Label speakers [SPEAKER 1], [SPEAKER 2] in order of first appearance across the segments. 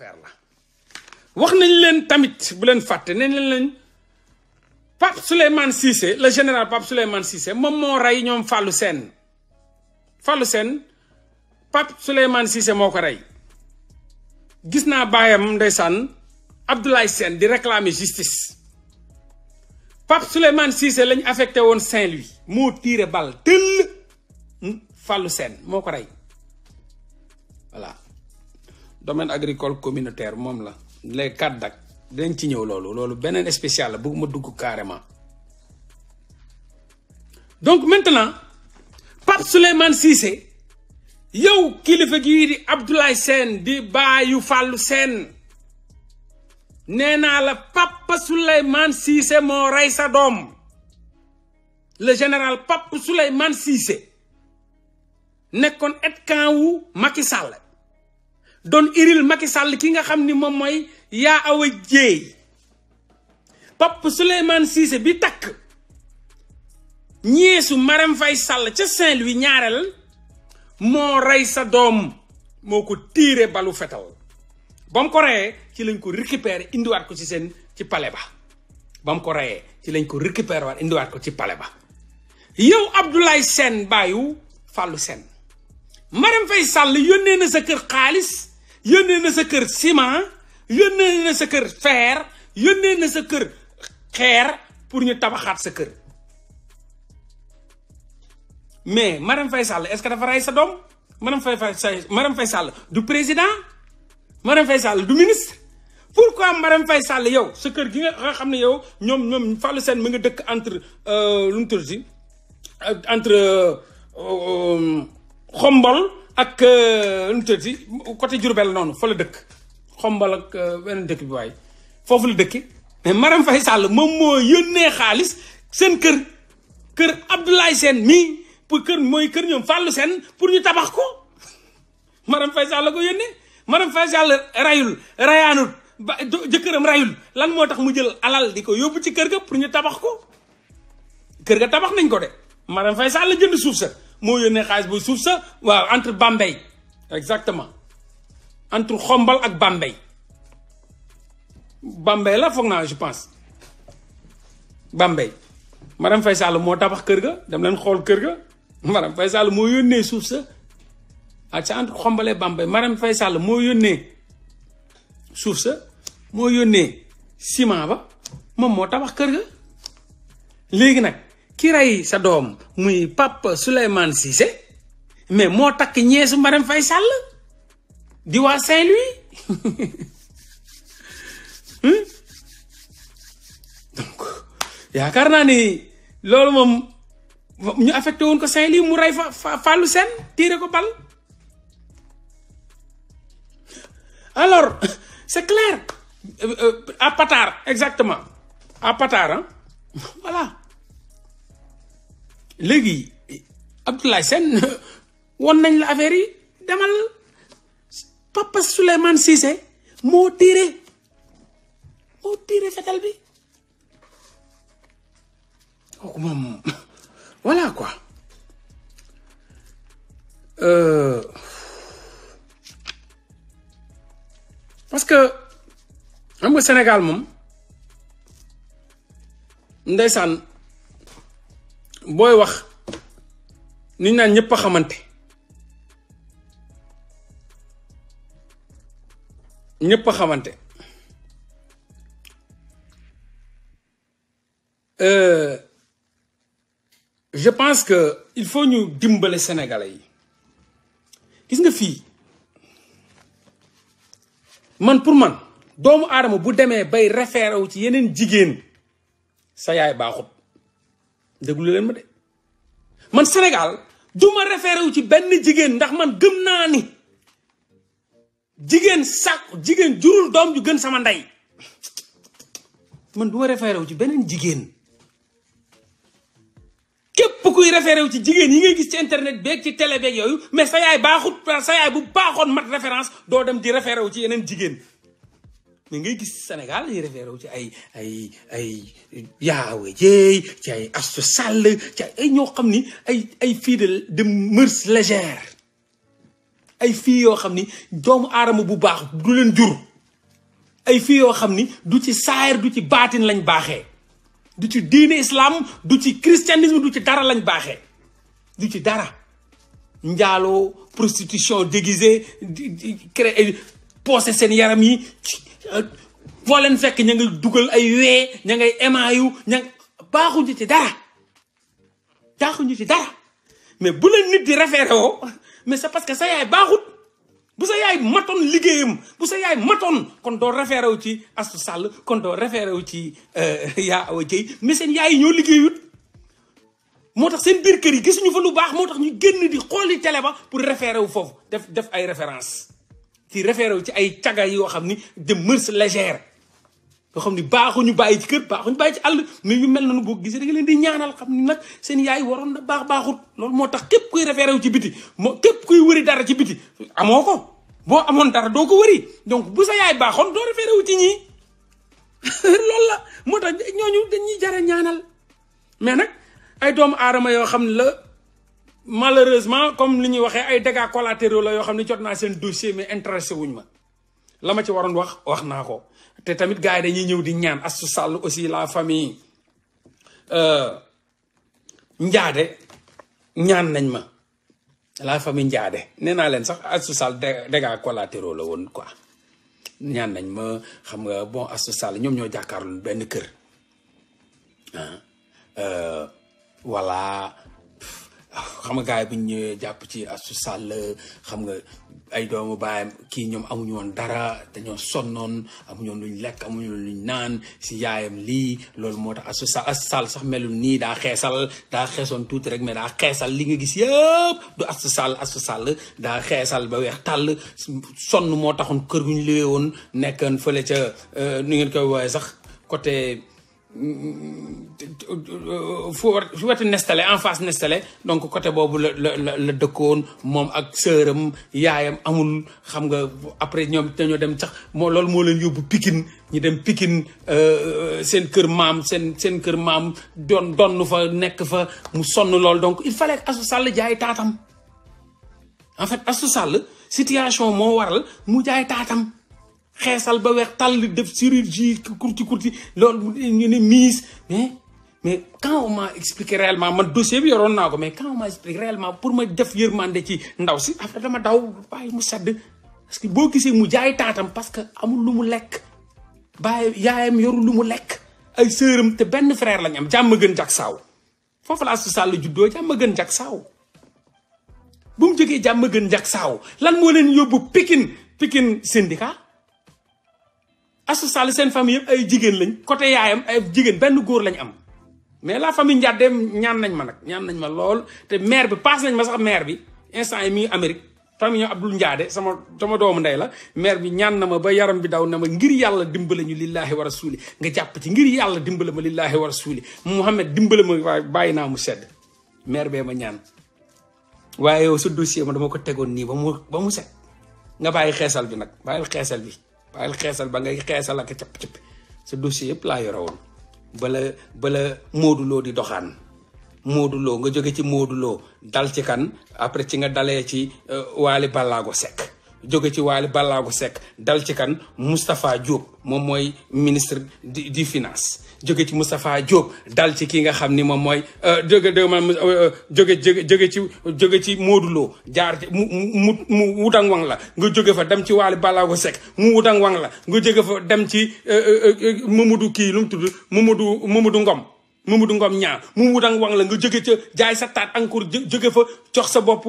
[SPEAKER 1] affaire la wax nañ leen tamit bu leen fàtte ne leen lañ Pape Souleymane Cissé le général Pape Souleymane Cissé mom mo ray ñom Fallou Sen. Fallou Sen Pape Souleymane Cissé moko ray. gis na bayam ndeysaan Abdoulaye Sen di réclamer justice Pape Souleymane Cissé lañ affecté won Saint-Louis mo tiire balle tëll Fallou Sen moko ray. voilà domaine agricole communautaire moom la les CADAC dinañ ci ñew lolu lolu benen spécial bu bëgg ma dugg carrément donc maintenant Pape Souleymane Cissé yow kilifa gi di Abdoulaye Sène di baayu Fallou Sène néna le la Pape souleyman Cissé mo rey sa le général Pape souleyman Cissé n'est et camp wu Macky Sall doon iril Macky sàll ki nga xam ni moom mooy yaa awa jéey Pape Souleymane Cissé bi takk ñeesu Marème fay sàll ca Saint-Louis ñaareel moo rey sa doom moo ko tiire balu fetal ba ko reyee ci lañ ko récupérer indiwaat ko ci seen ci palais ba ba ko reyee ci lañ ko récupérer waat indiwaat ko ci palais ba yow Abdoulaye seen baayu Fallou Sène Marème Faye Sall yónnee na sa kër xaalis yónnee na sa kër ciment yónnee na sa kër fer yónnee na sa kër xeer pour ñu tabaxaat sa kër mais Marème fay Sall est-ce que dafa rey sa doom Marème Faye Sall Marème Faye Sall du président Marème Faye Sall du ministre pourquoi Marème Faye Sall yow sa kër gi nga xam ne yow ñoom ñoom Fallou seen mu nga dëkk entre euh, lu mu tudd si euh, entre xombol euh, ak euh, nu tëdd côté Diourbel noonu fa la dëkk xombal ak euh, beneen dëkk bi waaye foofu la dëkki mais Marème Faye Sall moom moo yónnee xaalis seen kër kër Abdoulaye seen mii pour kër mooy kër ñoom Fallou seen pour ñu tabax ko Marème Faye Sall ko yónnee Marème Faye Sall rayul rayaanut ba jëkkëram rayul lan moo tax mu jël alal di ko yóbbu ci kër ga pour ñu tabax ko kër ga tabax nañ ko de Marème Faye Sall jënd suuf sa moo yónnee xaalis ba suuf sa waaw entre Bambey exactement entre xombal ak Bambey Bambey la foog naa je pense Bambey ma Faye Sall moo tabax kër ga dem leen xool kër ga madame moo yónnee suuf sa ak ah, sa entre xombalee Bambey madame Faye Sall moo yónnee suuf sa moo yónnee ciment ba moom moo tabax kër ga léegi nag. ki ray sa dom muy Pape souleyman Cissé mais mo tak ñeesu Marème Faye Sall di wa Saint-Louis donc hmm? ya karna ni loolu mom ñu affecté won ko Saint-Louis mu ray fa Fallou sen tiire ko bal alors c'est clair à eh, eh, Patar exactement à Patar hein voilà léegi Abdoulaye Sène won nañ la affaire yi demal Papa Souleymane Cissé moo tiire moo tiire fetal bi kooku moom voilà quoi euh, parce que xam Sénégal moom ndeysaan boy wax ni naan ñepp xamanté ñepp xamanté euh je pense que il faut ñu dimbale sénégalais yi gis nga fi man pour man doomu adama bu démé bay référé wu ci yeneen jigéen sa yaay baaxut déglu ma de man Sénégal du ma ci benn jigéen ndax man gëm naa ni jigéen sàkku jigéen jurul doom ju gën sama ndey man du ma référé ci beneen jigéen képp kuy référé wu ci jigéen yi ngay gis ci internet beeg ci télé beeg yooyu mais sa yaay baaxut sa yaay bu baaxoon mat référence doo dem di référé ci yeneen jigéen ñu ngay gis Sénégal ay référé ci ay ay ay Yaawe Jeey ci ay Astu Sall ci ay ñoo xam ni ay ay fii de de mœurs légères ay fii yoo xam ni doomu aadama bu baax du leen jur ay fii yoo xam ni du ci saayir du ci baatin lañ baaxee du ci diine islam du ci christianisme du ci dara lañ baaxee du ci dara njaaloo prostitution déguisée créé seen yaram yi Euh, foo leen fekk ña ngay dugal ay wee ña ngay émaayu ña baaxuñu ci dara baaxuñu ci dara mais bu la nit di référé mais c'est parce que sa yaay baaxut bu sa yaay matoon liggéeyam bu sa yaay matoon kon doo référé wu ci Astou Sall kon doo référé wu ci euh, yaa Awa Dieye mais seen yaay yi ñoo liggéeyut moo tax seen kër yi gisuñu fa lu baax ñu di xooli télé ba pour référé wu foofu def def ay référence ci référé ci ay caga yoo xam ni de mœurs légères yoo xam ni baaxuñu bàyyi ci kër baaxuñu bàyyi ci àll mais yu mel noonu boo gisee da nga leen di ñaanal xam ni nag seen yaay waroon na baax baaxut lool moo tax képp kuy référé ci biti moo képp koy wëri dara ci biti amoo ko boo amoon dara doo ko wëri donc bu sa yaay baaxoon doo référé ci ñii loolu la moo tax ñooñu dañuy jara ñaanal mais nag ay doomu aadama yoo xam ne la malheureusement comme li ñuy waxee ay dégâts collatéraux la yo xamni ne sen dossier mais intéressé wuñ ma la ci waroon wax wax nako té tamit gaay yi dañuy ñëw di ñaan Astou Sall aussi la famille euh Ndiade ñaan nañ ma la famille Ndiade nee naa leen sax Astou Sall dégâts collatéraux la won quoi ñaan nañ ma xam nga bon Astou Sall ñom ñoo jàkkaarlu benn kër ah, euh voilà. xam nga gars yi bu ñu ñëwee jàpp ci Astou Sall xam nga ay doomu baayam kii ñoom amuñu woon dara dañoo sonnoon amuñu woon luñ lekk amuñu woon luñ naan si yaayam lii loolu moo tax Astou Sall Astou sax melul nii daa xeesal daa xeesoon tuuti rek mais daa xeesal li nga gis yëpp du astu Sall Astou Sall daa xeesal ba weex tàll sonn moo taxoon kër guñ liggéey woon nekkoon fële ca euh, nu ngeen koy woowee sax côté. fu wetu nestale en face Nestlé donc côté boobu la la la dëkkoon moom ak sëram yaayam amul xam nga après ñoom dañoo dem sax moo loolu moo leen yóbbu Pikine ñu dem Pikine euh, euh, seen kër maam seen seen kër maam doon donn fa nekk fa mu sonn lool donc il fallait Astou Sall jaay taatam en fait Astou Sall situation moo waral mu jaay taatam xeesal ba weex tal def chirurgie kurti kurti loolu ñu ni mis mais mais quand on m'a expliqué réellement man dossier bi yoron nako mais quand on m'a expliqué réellement pour ma def yermandé ci ndaw si après dama daw bay mu sedd parce que bo gisé mu jaay tatam parce que amul lu mu lek bay yaayam yoru lu mu lek ay sëram té ben frère lañ am jamm gën jak saw fofu la su sall juddo jamm gën jak saw bu mu jógee jamm gën jak saw lan mo len yobbu pikin pikin syndicat asu sali sen fami yëpp ay jigéen lañ côté yaayam ay jigen benn góor lañ am mais la famille njàddeem ñaan nañ ma nag ñaan nañ ma lool te maire bi pass nañ ma sax maire bi instant yi mi ngi Amérique famille Abdul Ndiade sama sama doa ndey la maire bi ñaan na ma ba yaram bi daw na ma ngir yàlla dimbale ñu lillahi wa rasuli nga jàpp ci ngir yàlla dimbale ma lillahi wa rasuli Mouhamed dimbale ma waaye bàyyi naa mu sedd maire be ma ñaan waaye yow dossier ma dama ko tegoon nii ba mu ba mu set nga bàyyi xeesal bi nag bàyyil xeesal bi bàyyil xeesal ba ngay xeesal ak cap-cap sa dossier yëpp laa ya, yore woon bala bala mooduloo di doxaan mooduloo nga jóge ci mooduloo dal ci kan après ci nga dalee ci waali jóge ci Waly Ballago Seck dal ci kan Moustapha Diop moom mooy ministre di di finance jóge ci Moustapha Diop dal ci ki nga xam ni moom mooy euh, euh, jóge jóge jóge ci jóge ci Modou Lo jaar mu mu mu wutang wang la nga jóge fa dem ci Waly Ballago Seck mu wutang wang la nga jóge fa dem ci euh, Mamadou kii lu mu tudd Mamadou Mamadou Ngom Mamadou Ngom ñaa mu wutang wang la nga jóge ca jaay sa taat encore jóge fa jox sa bopp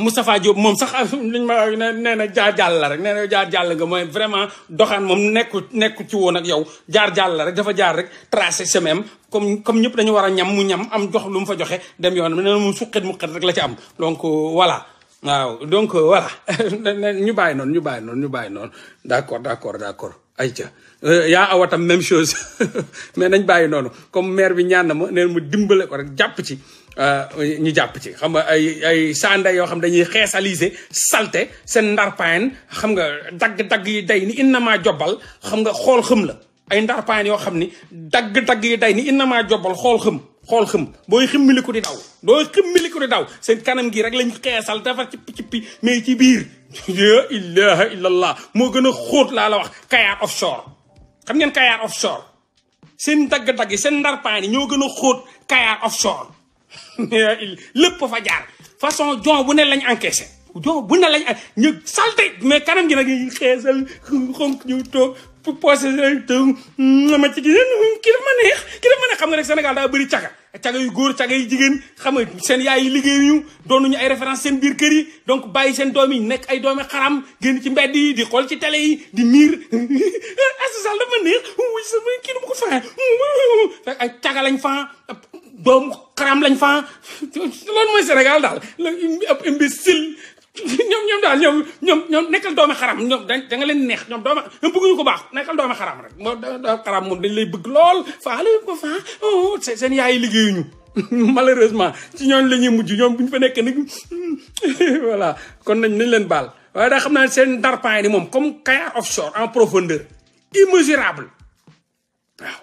[SPEAKER 1] Moustapha Diop moom sax liñ ma nee na jaar jàll la rek nee jaar jàll nga mooy vraiment doxaan moom nekku nekku ci woon ak yow jaar jàll la rek dafa jaar rek tracé semaine comme comme ñëpp dañu war a ñam mu ñam am jox lu mu fa joxe dem yoonam nee na moom suqit muqit rek la ci am donc voilà waaw donc voilà ñu bàyyi noonu ñu bàyyi noonu ñu bàyyi noonu d'accord d'accord d'accord ay ayca euh, yaa awatam même chose mais nañ bàyyi noonu comme maire bi ñaana na ma neen mu dimbale ko rek jàpp ci euh, ñu jàpp ci xam nga ay ay saanda yoo xam dañuy xeesaliser salte seen ndarpayen xam nga dagg-dagg yi day ni innamaa jobal xam nga xool xëm la ay ndarpaan yoo xam ni dagg-dagg yi day ni innamaa jobal xool xëm xool xëm booy ximmiliku di daw dooy ximmiliku di daw seen kanam gi rek lañ xeesal dafa cippi cippi mais ci biir la ilaha illallah moo gën a xóot laa la wax kayaar offshore xam ngeen kayaar offshore seen dagg-dagg yi seen ndarpaan yi ñoo gën a xóot kayaar offshore lépp fa jaar façon jon bu ne lañ encaissé joo bu na lañ ñu salté mais kanam gi nag xeesal xonk ñu toog posé toog ma ci gis ki la ma neex ki la ma neex xam nga rek Sénégal daal bëri caga caga yu góor caga yu jigéen xam nga seen yaay yi liggéeyuñu doonuñu ay référence seen biir kër yi donc bàyyi seen doom yi nekk ay doomi xaram génn ci mbedd yi di xool ci tele yi di miir asosal dafa neex wuy sama kii dama ko faa fekk ay caga lañ fa doomu xaram lañ faa loolu mooy Sénégal daal imbécile ñoom ñoom daal ñoom ñoom ñoom nekkal doomi xaram ñoom da nga leen neex ñoom dooma ñoom bëgguñu ko baax nekkal doomi xaram rek moo doomi xaram moom dañ lay bëgg lool faale ko faa oh seen yaay yi liggéeyuñu malheureusement ci ñoom la ñuy mujj ñoom bu ñu fa nekk nag voilà kon nañ nañ leen baal waaye daa xam naa seen darpaan ni moom comme Kayar offshore en profondeur immesurable waaw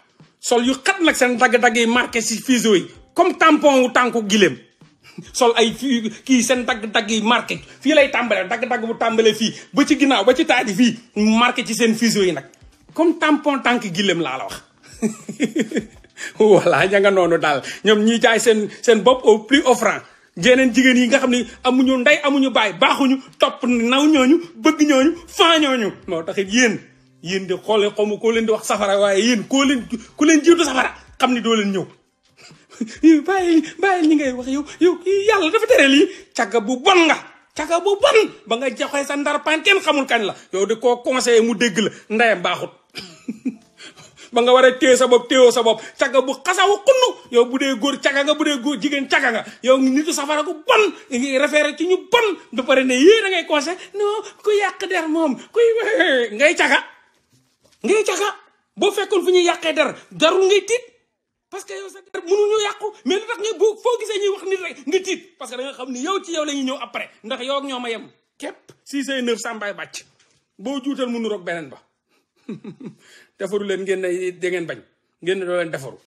[SPEAKER 1] sol yu xat nag seen dagg-dagg yi marqué si fiseau yi comme tampon wu tànku gileem sol ay fii kii seen dagg-dagg yi marqué fii lay tàmbalee dagg-dagg bu tàmbalee fii ba ci ginnaaw ba ci taati fii mu marqué ci seen fuseau yi nag comme tampon tànk gilem laa la wax voilà ña nga daal ñoom ñiy jaay seen seen bopp au plus offrant yeneen jigéen yi nga xam ne amuñu ndey amuñu baay baaxuñu topp naw ñooñu bëgg ñooñu faa ñooñu moo tax it yéen yéen di xoole xaw ma koo leen di wax safara waaye yéen koo leen ku leen jiitu safara xam ni doo leen ñëw bàyyi bàyyi ñi ngay wax yow yow yàlla dafa tere lii càgga bu bon nga càgga bu bon ba nga joxe sa ndar pan kenn xamul kañ la yow di koo conseillé mu dégg la ndeyam baaxut ba nga waree a téye sa bopp téyoo sa bopp càgga bu xasawu xunn yow bu dee góor càgga nga bu dee góor jigéen càgga nga yow nitu safara ko bon ngi ci ñu bon da pare ne yée da ngay conseillé non ku yàq der moom kuy ngay càgga ngay càgga boo fekkoon fu ñuy yàqee der darul ngay tiit parce que yow sa der mënuñu yàqu mais lu tax nga boo foo gisee ñuy wax nit rek nga tiit parce que da xam ni yow ci yow la ñëw après ndax yow ak yem képp si say neuf sàmbaay bàcc boo juutal mënu roog beneen ba defaru leen ngeen ne da ngeen bañ ngeen ne doo leen defaru